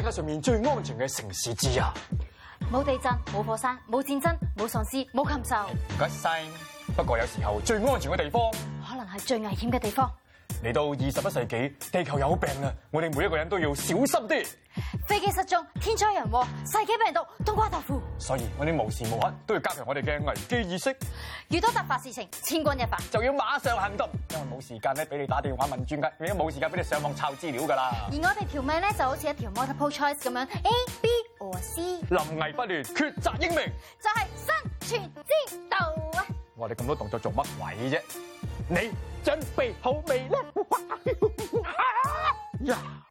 世界上面最安全嘅城市之一，冇地震、冇火山、冇戰爭、冇喪屍、冇禽獸。不過有時候最安全嘅地、地方，可能係最危險嘅地方。嚟到二十一世紀，地球有病啊！我哋每一個人都要小心啲。飛機失蹤，天災人禍，世紀病毒，冬瓜豆腐。所以我哋無時無刻都要加強我哋嘅危機意識。遇到突發事情，千鈞一發就要馬上行動，因為冇時間咧俾你打電話問專家，亦都冇時間俾你上網抄資料噶啦。而我哋條命咧就好似一條 multiple choice 咁樣，A、B 和 C。臨危不亂，抉擇英明，就係生存之道啊！我哋咁多動作做乜鬼啫？你準備好未咧？哇啊啊啊啊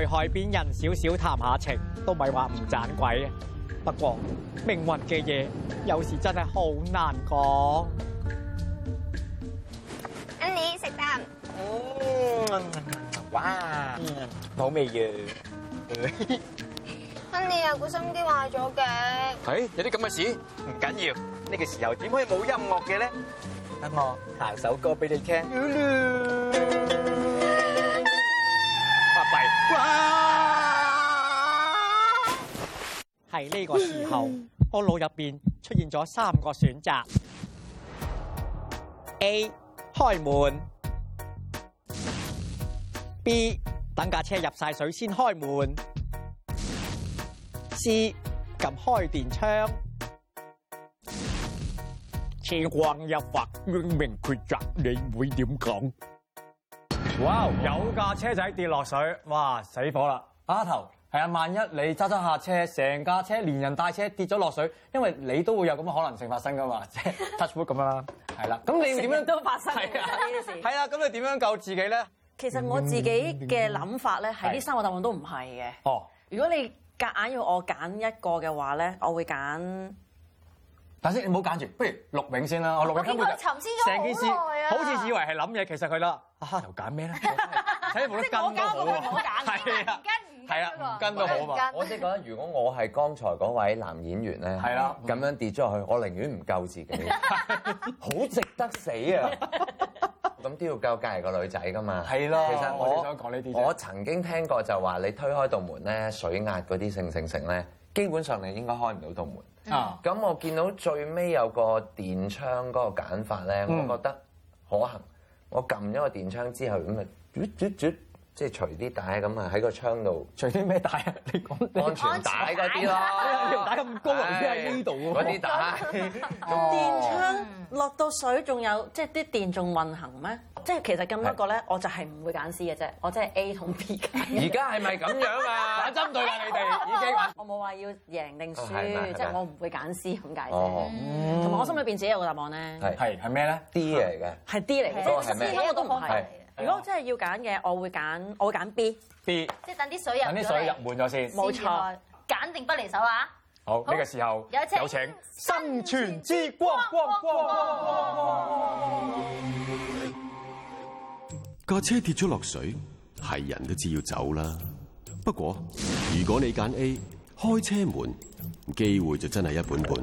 去海邊人少少談下情都咪話唔賺鬼啊！不過命運嘅嘢有時真係好難講。Annie，食蛋。哇，好味嘅。Annie 啊，個心機壞咗嘅。係，有啲咁嘅事唔緊要。呢個時候點可以冇音樂嘅咧？等我彈首歌俾你聽。係呢個時候，我腦入邊出現咗三個選擇：A. 開門；B. 等架車入晒水先開門；C. 按開電窗。千鈞一髮，英明抉擇，你會點揀？哇！Wow, 有架車仔跌落水，哇死火啦！蝦頭係啊，萬一你揸揸下車，成架車連人帶車跌咗落水，因為你都會有咁嘅可能性發生㗎嘛，即係 touch wood 咁樣啦，係啦。 咁你點樣都發生呢件的事？係啊，咁你點樣救自己咧？其實我自己嘅諗法咧，係呢三個答案都唔係嘅。哦的，如果你夾硬要我揀一個嘅話咧，我會揀。但係你唔好揀住，不如陸永先啦。我陸永根本就沉思咗好耐啊，好似以為係諗嘢，其實佢啦，蝦頭揀咩咧？睇你做得咁好啊！我揀我揀，係啦，唔跟都好嘛。我哋覺得如果我係剛才嗰位男演員咧，係啦，咁樣跌咗落去，我寧願唔救自己，好值得死啊！咁都要救隔離個女仔㗎嘛？係咯，其實我想講呢啲。我曾經聽過就話，你推開道門咧，水壓嗰啲成成成咧，基本上你應該開唔到道門。啊！咁、嗯、我見到最尾有個電槍嗰個揀法咧，我覺得可行。我撳咗個電槍之後咁咪，嘟嘟嘟。即係除啲帶咁啊，喺個窗度，除啲咩帶啊？你講安全帶嗰啲啦。安全帶咁高啊，啲喺呢度喎。嗰啲帶。電槍落到水仲有，即係啲電仲運行咩？即係其實咁多個咧，我就係唔會揀 C 嘅啫，我即係 A 同 B 嘅。而家係咪咁樣啊？針對下你哋已經。我冇話要贏定輸，即係我唔會揀 C 咁解啫。同埋我心裏邊自己有個答案咧。係係咩咧？D 嚟嘅。係 D 嚟嘅。咁 C 我都唔係。如果我真係要揀嘅，我會揀我揀 B B，即係等啲水，等水入，等啲水入滿咗先。冇錯，揀定不離手啊！好，呢個時候有請，有請生存之光。架車跌咗落水，係人都知要走啦。不過如果你揀 A。開車門機會就真係一半半。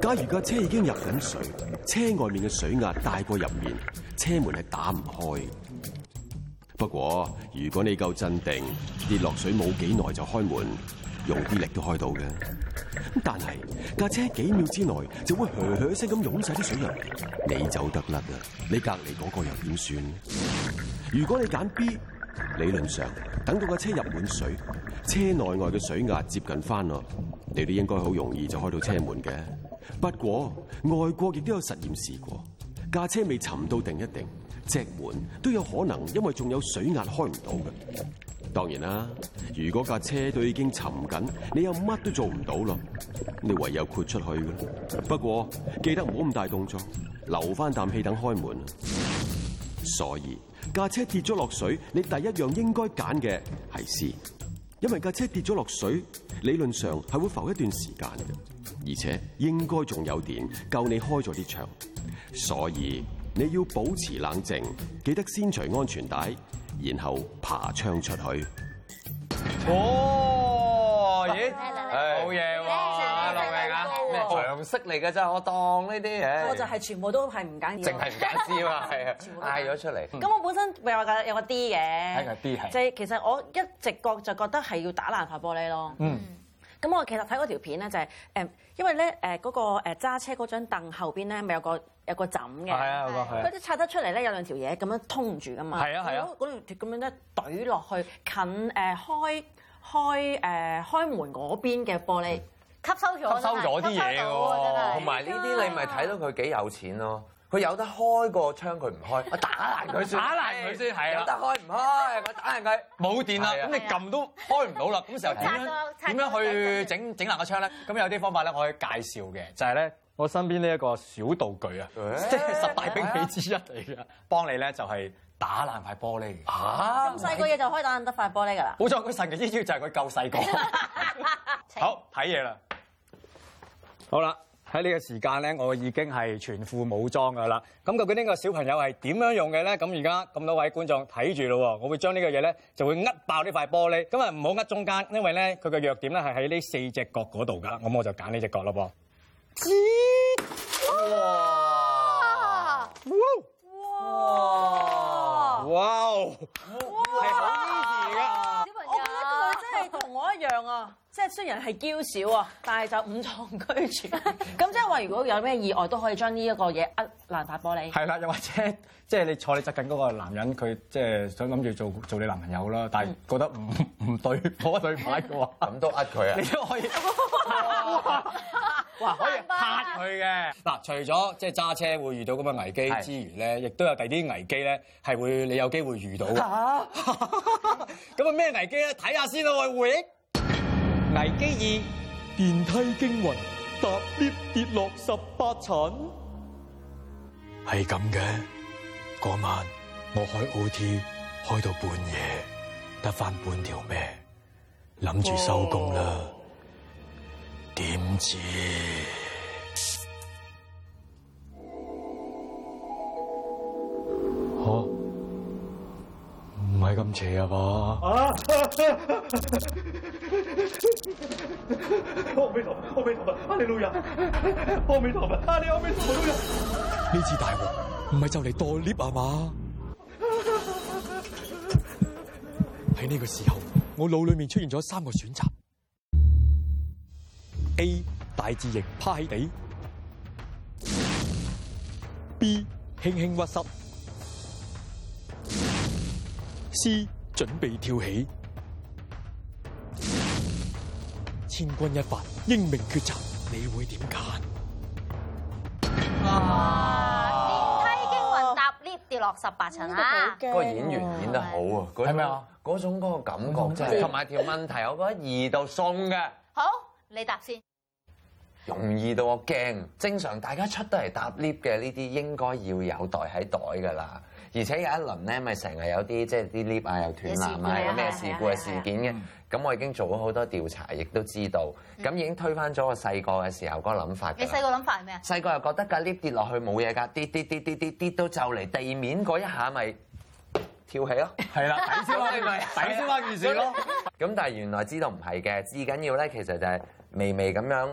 假如架車已經入緊水，車外面嘅水壓大過入面，車門係打唔開。不過如果你夠鎮定，跌落水冇幾耐就開門，用啲力都開到嘅。但係架車幾秒之內就會噓噓聲咁湧晒啲水入嚟，你走得甩啊！你隔籬嗰個又點算？如果你揀 B。理論上，等到架車入滿水，車內外嘅水壓接近翻落，你哋應該好容易就開到車門嘅。不過外國亦都有實驗試過，架車未沉到定一定，隻門都有可能因為仲有水壓開唔到嘅。當然啦，如果架車都已經沉緊，你又乜都做唔到咯，你唯有豁出去嘅啦。不過記得唔好咁大動作，留翻啖氣等開門。所以。架車跌咗落水，你第一樣應該揀嘅係先，因為架車跌咗落水，理論上係會浮一段時間，而且應該仲有電，夠你開咗啲窗，所以你要保持冷靜，記得先除安全帶，然後爬窗出去。哦，咦、啊，是好嘢。識嚟嘅啫，我當呢啲嘢，我就係全部都係唔揀字，淨係唔揀字嘛，係啊，嗌咗出嚟。咁我本身咪有個有個 D 嘅，係個 D 係，即係其實我一直覺就覺得係要打爛塊玻璃咯。嗯，咁我其實睇嗰條片咧就係因為咧誒嗰個揸車嗰張凳後邊咧咪有個有個枕嘅，係啊係嗰啲拆得出嚟咧有兩條嘢咁樣通住噶嘛，係啊係啊，嗰條咁樣咧懟落去近誒開開誒開門嗰邊嘅玻璃。吸收咗，吸收咗啲嘢喎。同埋呢啲你咪睇到佢幾有錢咯。佢有得開個窗佢唔開，我打爛佢先。打爛佢先，係有得開唔開，我打爛佢，冇電啦。咁對了 你撳都開唔到啦。咁對了 時候點樣點樣去整整爛個窗咧？咁有啲方法咧，我可以介紹嘅，就係咧，我身邊呢一個小道具啊，即係、欸、十大兵器之一嚟嘅對了 幫你咧就係、是。打爛塊玻璃，嚇咁細個嘢就可以打爛得塊玻璃㗎啦！冇錯，佢神奇之處就係佢夠細個 請。好睇嘢啦！好啦，喺呢個時間咧，我已經係全副武裝㗎啦。咁究竟呢個小朋友係點樣用嘅咧？咁而家咁多位觀眾睇住咯喎，我會將呢個嘢咧就會呃爆呢塊玻璃。咁啊唔好呃中間，因為咧佢嘅弱點咧係喺呢四隻角嗰度㗎啦。咁我就揀呢隻角咯噃。哇哇哇 Wow, 哇哦！係好 easy，我覺得佢真係同我一樣啊，即係雖然係嬌小啊，但係就五臟俱全。咁即係話如果有咩意外，都可以將呢一個嘢呃爛大玻璃。係啦，又或者即係、就是、你坐你側近側緊嗰個男人，佢即係想諗住做做你男朋友啦，但係覺得唔唔對夥對牌嘅話，咁都呃佢啊！你都可以。 哇！可以嚇佢嘅嗱，白除咗即係揸車會遇到咁嘅危機之餘咧，亦都是有第二啲危機咧，係會你有機會遇到。咁啊咩 危機咧？睇下先啦。我回憶危機二，電梯驚魂，搭 lift 跌落十八層，係咁嘅。嗰晚我開 O T，開到半夜，得翻半條命，諗住收工啦。啊點知？嗬，唔係咁邪啊嘛？啊！我未逃，我未逃啊！你老人，我未逃啊！你我未逃，老人。呢次大鑊唔係就嚟墮 lift 啊嘛？喺呢個時候，我腦裏面出現咗三個選擇。A 大字型趴喺地，B 輕輕屈膝，C 準備跳起，千鈞一發，英明抉擇，你會點揀？哇！電梯驚魂，搭 lift 跌落十八層啊！個,個演員演得好啊，係咪啊？嗰種,嗰個感覺真係。同埋條問題，我覺得易到送嘅。好，你答先。容易到我驚，正常大家出得嚟搭 lift 嘅呢啲應該要有袋喺袋㗎啦。而且有一輪咧，咪成日有啲即係啲 lift 啊又斷纜，咪有咩事故嘅、啊、事、事件嘅。咁我已經做好好多調查，亦都知道。咁、嗯、已經推翻咗我細個嘅時候嗰個諗法。你細個諗法係咩？細個又覺得架 lift 跌落去冇嘢㗎，跌跌跌跌跌跌、跌、跌、跌、跌都就嚟地、地面嗰一下咪跳起咯，係啦， 抵先咯，係咪、就是？抵先發完事咯。咁但係原來知道唔係嘅，至緊要咧其實就係微微咁樣。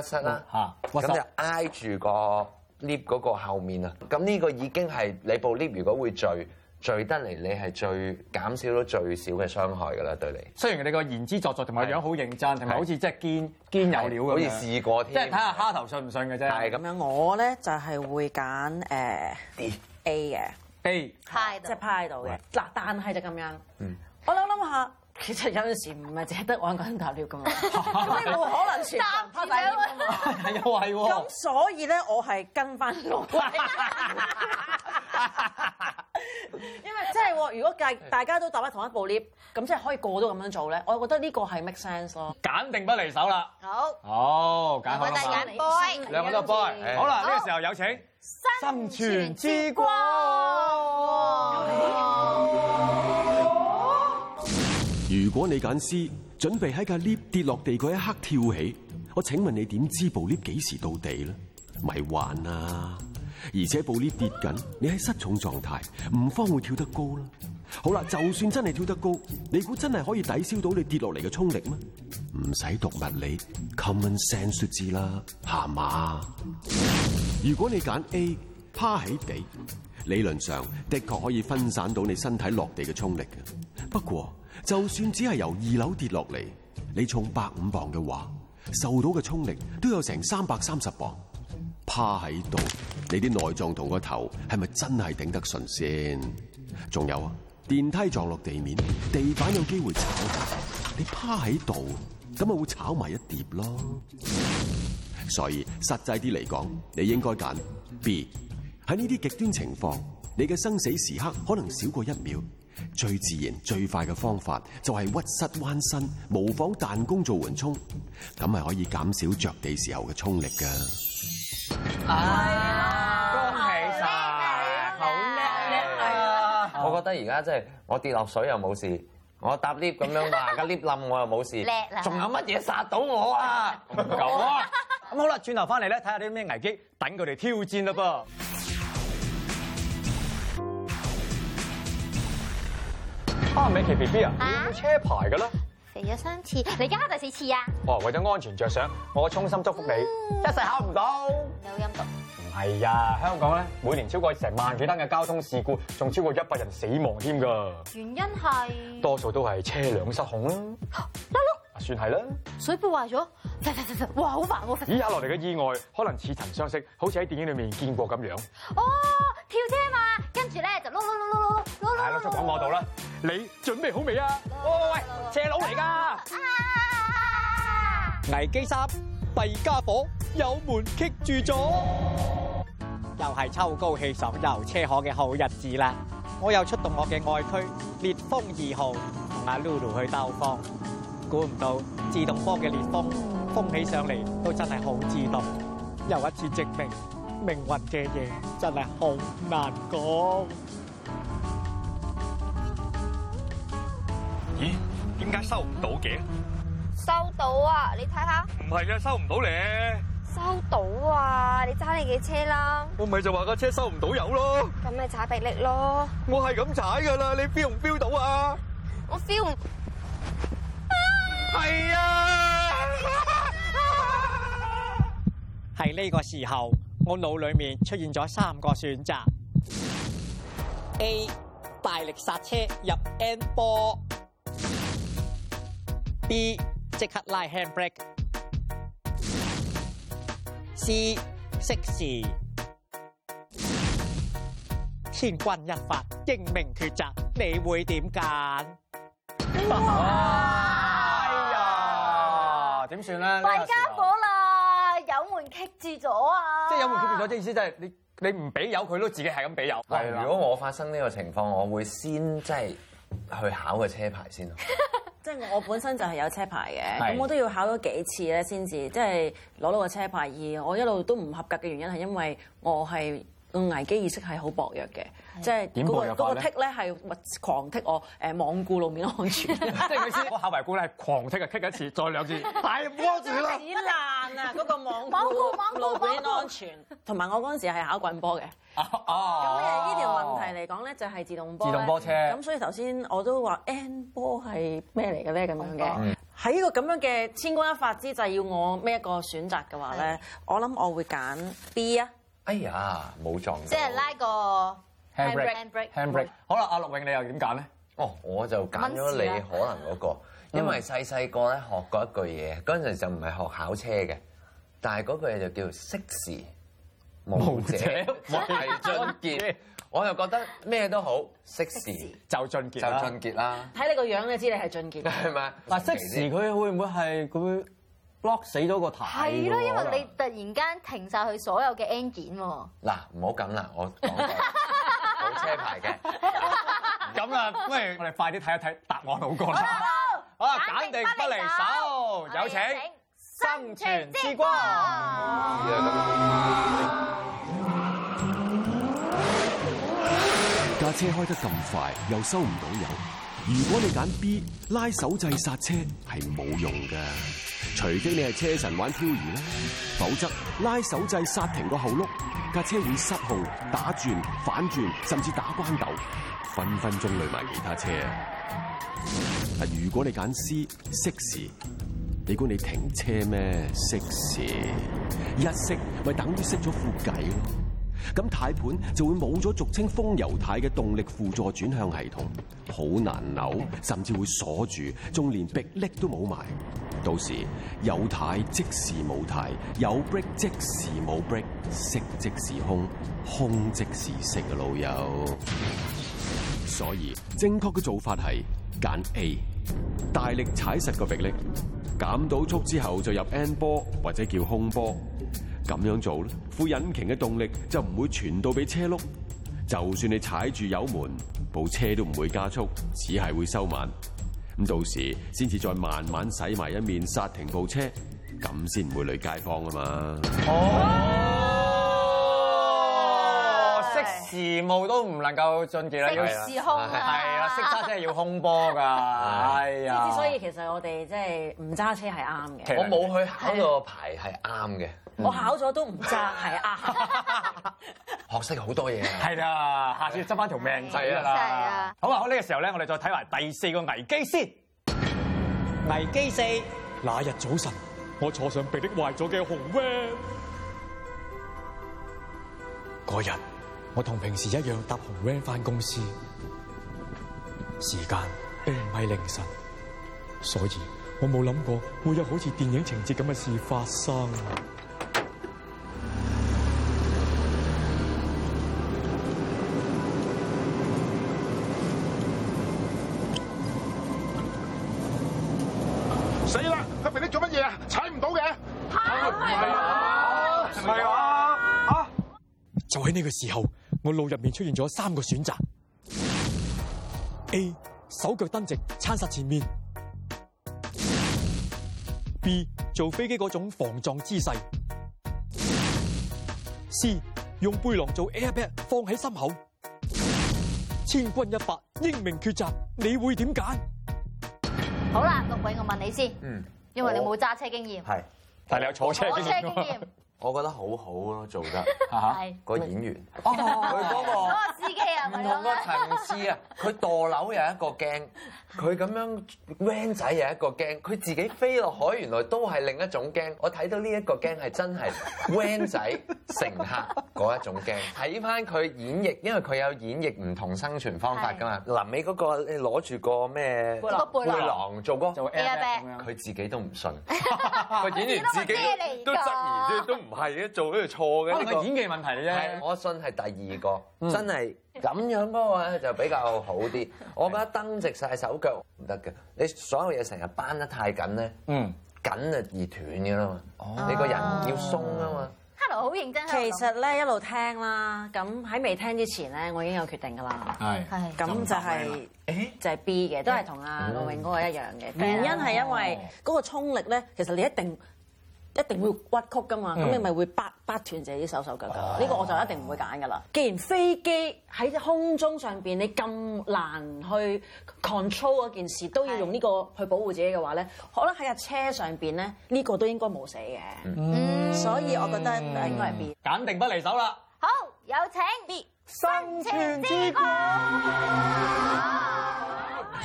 屈膝啦，嚇，咁就挨住個 lift 嗰個後面啊，咁呢個已經係你部 lift 如果會墜墜得嚟，你係最減少到最少嘅傷害㗎啦，對你。雖然你個言之鑿鑿，同埋樣好認真，同埋好似即係堅堅有料咁好似試過添。即係睇下蝦頭信唔信嘅啫。係咁樣，我咧就係會揀誒 A 嘅。B。趴即係趴喺度嘅，嗱，但係就咁樣。我諗諗下。其實有陣時唔係只係得我一個人搭 lift 噶嘛，咁冇 可能全部都係。係 又係喎。咁所以咧，我係跟翻落嚟。因為即係、喎、如果大大家都搭翻同一部 lift，咁即係可以個個都咁樣做咧。我覺得呢個係 make sense 咯。揀定不離手啦。好。好，揀好啦。好我了兩個都 boy，的好啦，呢、呢個時候有請好生存之光。如果你揀 C，準備喺架 lift 跌落地嗰一刻跳起，我請問你點知部 lift 幾時到地咧？咪玩啊！而且部 lift 跌緊，你喺失重狀態，唔慌會跳得高啦。好啦，就算真係跳得高，你估真係可以抵消到你跌落嚟嘅衝力咩？唔使讀物理，common sense 數字啦，下嘛吧。如果你揀 A，趴喺地，理論上的確可以分散到你身體落地嘅衝力嘅，不過。就算只係由二樓跌落嚟，你重百五磅嘅話，受到嘅衝力都有成三百三十磅。趴喺度，你啲內臟同個頭係咪真係頂得順先？仲有啊，電梯撞落地面，地板有機會炒，你趴喺度，咁咪會炒埋一碟咯。所以實際啲嚟講，你應該揀 B。喺呢啲極端情況，你嘅生死時刻可能少過一秒。最自然最快嘅方法就係屈膝彎身，模仿彈弓做緩衝，咁係可以減少着地時候嘅衝力噶。哎呀，恭喜晒，好叻叻！我覺得而家即係我跌落水又冇事，我搭 lift 咁樣滑個 lift 冧我又冇事，叻啦！仲有乜嘢殺到我啊？咁，咁好啦，轉頭翻嚟咧，睇下啲咩危機等佢哋挑戰咯噃。美琪 B B 啊，寶寶啊啊車牌噶啦，肥咗三次，你而家考第四次啊？哦，為咗安全着想，我衷心祝福你，嗯、一世考唔到。有音陰毒。唔係呀，香港咧，每年超過成萬幾單嘅交通事故，仲超過一百人死亡添噶。原因係多數都係車輛失控啦、啊。碌碌、啊，哭哭算係啦。水布壞咗，哇好煩我。啊、以下落嚟嘅意外，可能似曾相識，好似喺電影裏面見過咁樣。哦，跳車嘛。跟住咧就嚕嚕嚕嚕嚕，係咯，就講我度啦。你準備好未啊？喂喂喂，斜路嚟噶危機三，弊傢伙，油門棘住咗。又係秋高氣爽遊車河嘅好日子啦。我又出動我嘅愛駒烈風二號同阿 Lulu 去兜風，估唔到自動波嘅烈風風起上嚟都真係好自動，又一次證明命運嘅嘢真係好難講。咦？點解收唔到嘅？收到啊！你睇下。唔係啊，收唔到咧。收到啊！你揸你嘅車啦。我咪就話架車收唔到油咯。咁咪踩迫力咯。我係咁踩噶啦，你 feel 唔 feel 到啊？我 feel 唔。係啊！係呢個時候。我腦裏面出現咗三個選擇：A 大力剎車入 N 波，B 即刻拉 handbrake，C 熄匙。千鈞一發，英明抉擇，你會點揀？哎呀，點算咧？弊傢伙啦！棘住咗啊！即係有冇棘住咗？即係意思，即係你你唔俾油，佢都自己係咁俾油。係，如果我發生呢個情況，我會先即係去考個車牌先咯。 即係我本身就係有車牌嘅，咁是的 我都要考咗幾次咧，先至即係攞到個車牌。而我一路都唔合格嘅原因係因為我係。危機意識係好薄弱嘅，即係嗰個剔咧係狂剔我誒，罔顧路面安全。即係你知嗰下圍狂剔啊剔一次，再兩次，大波子啦！屎爛啊！嗰個罔顧路面安全，同埋我嗰陣時係考棍波嘅。有哦，呢條問題嚟講咧，就係自動波自動波車。咁所以頭先我都話 N 波係咩嚟嘅咧？咁樣嘅喺個咁樣嘅千鈞一髮之際，要我咩一個選擇嘅話咧，我諗我會揀 B 啊。哎呀，冇撞到。即係拉個 handbrake，handbrake。好啦，阿陸永你又點揀咧？哦，我就揀咗你可能嗰個，因為細細個咧學過一句嘢，嗰陣就唔係學考車嘅，但係嗰句嘢就叫識時務者為俊傑，我又覺得咩都好識時就俊傑啦。睇你個樣就知你係俊傑。係咪？嗱，識時佢會唔會係佢？block 死咗個台的，係咯，因為你突然間停晒佢所有嘅 engine 喎。嗱，唔好緊啦，我冇 車牌嘅。咁 啊，那不如我哋快啲睇一睇答案好過啦。好，好好簡定不離手，明明手有請生存之光。架車開得咁快，又收唔到油。如果你揀 B 拉手掣剎車係冇用噶，除非你係車神玩漂移啦，否則拉手掣剎停個後碌架車會失控打轉反轉，甚至打關斗，分分鐘累埋其他車。嗱，如果你揀 C 熄匙，你估你停車咩？熄匙一熄咪等於熄咗副軚咯。咁軚盤就會冇咗俗稱「風油軚」嘅動力輔助轉向系統，好難扭，甚至會鎖住，仲連逼力都冇埋。到時有軚即時冇軚，有 break 即時冇 break，色即時空，空即時色嘅老友。所以正確嘅做法係揀 A，大力踩實個逼力，減到速之後就入 N 波或者叫空波。咁樣做咧，副引擎嘅動力就唔會傳到俾車轆。就算你踩住油門，部車都唔會加速，只係會收慢。咁到時先至再慢慢洗埋一面，煞停部車，咁先唔會累街坊啊嘛。哦，識時務都唔能夠進住啦，要試空波啊，識揸車要空波㗎，係啊。所以其實我哋即係唔揸車係啱嘅。我冇去考個牌係啱嘅。我考咗都唔揸，係啊。學識好多嘢，啊，係啦，啊，下次執翻條命仔啦，啊。好啊，好，這，呢個時候咧，我哋再睇埋第四個危機先。危機四。那日早晨，我坐上逼力壞咗嘅紅 van。嗰日我同平時一樣搭紅 van 返公司，時間並唔係凌晨，所以我冇諗過會有好似電影情節咁嘅事發生。時候，我腦入面出現咗三個選擇：A、手腳蹬直，撐實前面；B、做飛機嗰種防撞姿勢；C、用背囊做 airbag 放喺心口。千鈞一發，英明抉擇，你會點揀？好啦，個鬼，我問你先，嗯，因為你冇揸車經驗，係我 是，但係你有坐車經驗。我覺得好好咯，做得吓係個演員。唔同個層次啊！佢墮樓又一個驚，佢咁樣 van 仔又一個驚，佢自己飛落海原來都係另一種驚。我睇到呢一個驚係真係 van 仔乘客嗰一種驚。睇翻佢演繹，因為佢有演繹唔同生存方法㗎嘛。臨尾嗰個你攞住個咩？個背囊做嗰咩？佢自己都唔信，佢演完自己都質疑，都都唔係做嗰度錯嘅。演技問題啫，我信係第二個，真係。咁樣嗰個咧就比較好啲。 是的 我覺得登直晒手腳唔得嘅，你所有嘢成日扳得太緊咧，緊就易斷嘅啦嘛。你個人要鬆啊嘛。Hello，好認真。其實咧一路聽啦，咁喺未聽之前咧，我已經有決定噶啦。係，咁就係就係 B 嘅，都係同阿陸永哥一樣嘅。原因係因為嗰個衝力咧，其實你一定。一定會屈曲㗎嘛，咁、嗯、你咪會掰掰斷自己啲手手腳腳，呢、哎、呀個我就一定唔會揀㗎啦。既然飛機喺空中上邊你咁難去 control 嗰件事，嗯、都要用呢個去保護自己嘅話咧，可能喺架車上邊咧，呢、呢個都應該冇死嘅。嗯、所以我覺得應該係 B，揀、嗯、定不離手啦。好，有請 B 生存之光。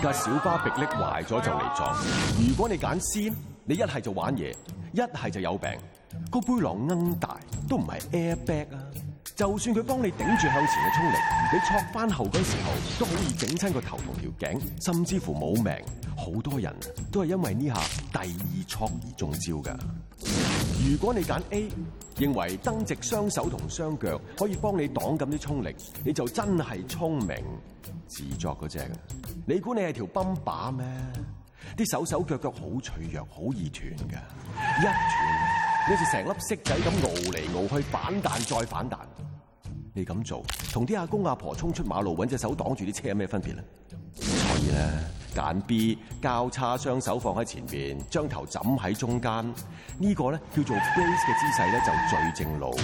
架小巴迫力壞咗就嚟撞，如 C，就就、啊就，如果你揀 C，你一係就玩嘢，一係就有病。個背囊奀大都唔係 airbag 啊，就算佢幫你頂住向前嘅衝力，你挫翻後嗰時候都好易整親個頭同條頸，甚至乎冇命。好多人都係因為呢下第二挫而中招噶。如果你揀 A。認為登直雙手同雙腳可以幫你擋緊啲衝力，你就真係聰明自作嗰隻。你估你係條泵把咩？啲手手腳腳好脆弱，好易斷噶。一斷，你就成粒色仔咁傲嚟傲去，反彈再反彈。你咁做，同啲阿公阿婆衝出馬路揾隻手擋住啲車有咩分別咧？啦，揀 B，交叉雙手放喺前面，將頭枕喺中間，這個、呢個咧叫做 base 嘅姿勢咧就最正路。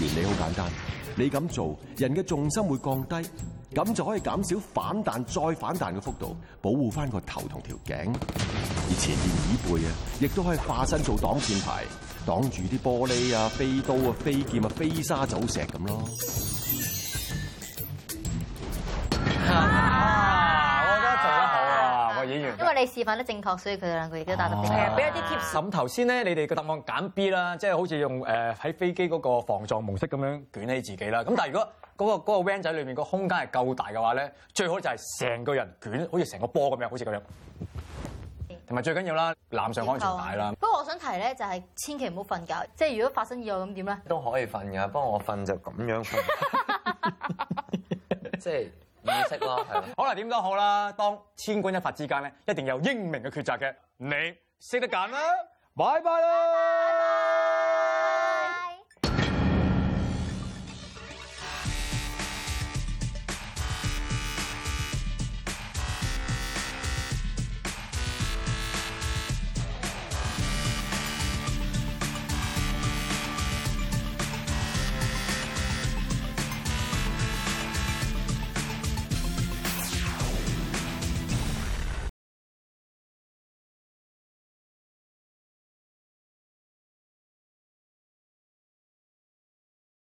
原理好簡單，你咁做，人嘅重心會降低，咁就可以減少反彈再反彈嘅幅度，保護翻個頭同條頸。而前面椅背啊，亦都可以化身做擋箭牌，擋住啲玻璃啊、飛刀啊、飛劍啊、飛沙走石咁咯。啊因為你示範得正確，所以佢哋兩個亦都答得啱。係啊，俾一啲貼士。頭先咧，你哋個答案揀 B 啦，即係好似用誒喺飛機嗰個防撞模式咁樣捲起自己啦。咁但係如果嗰、嗰個 van 仔、嗰個、裡面個空間係夠大嘅話咧，最好就係成個人捲，好似成個波咁樣，好似咁樣。同埋對最緊要啦，攬上安全帶啦。後不過我想提咧，就係千祈唔好瞓覺。即係如果發生意外咁點咧？呢都可以瞓㗎，不過我瞓就咁樣瞓。即係。意識咯，係， 好啦，點都好啦，當千鈞一髮之間咧，一定有英明嘅抉擇嘅。你識得揀 啦，拜拜啦。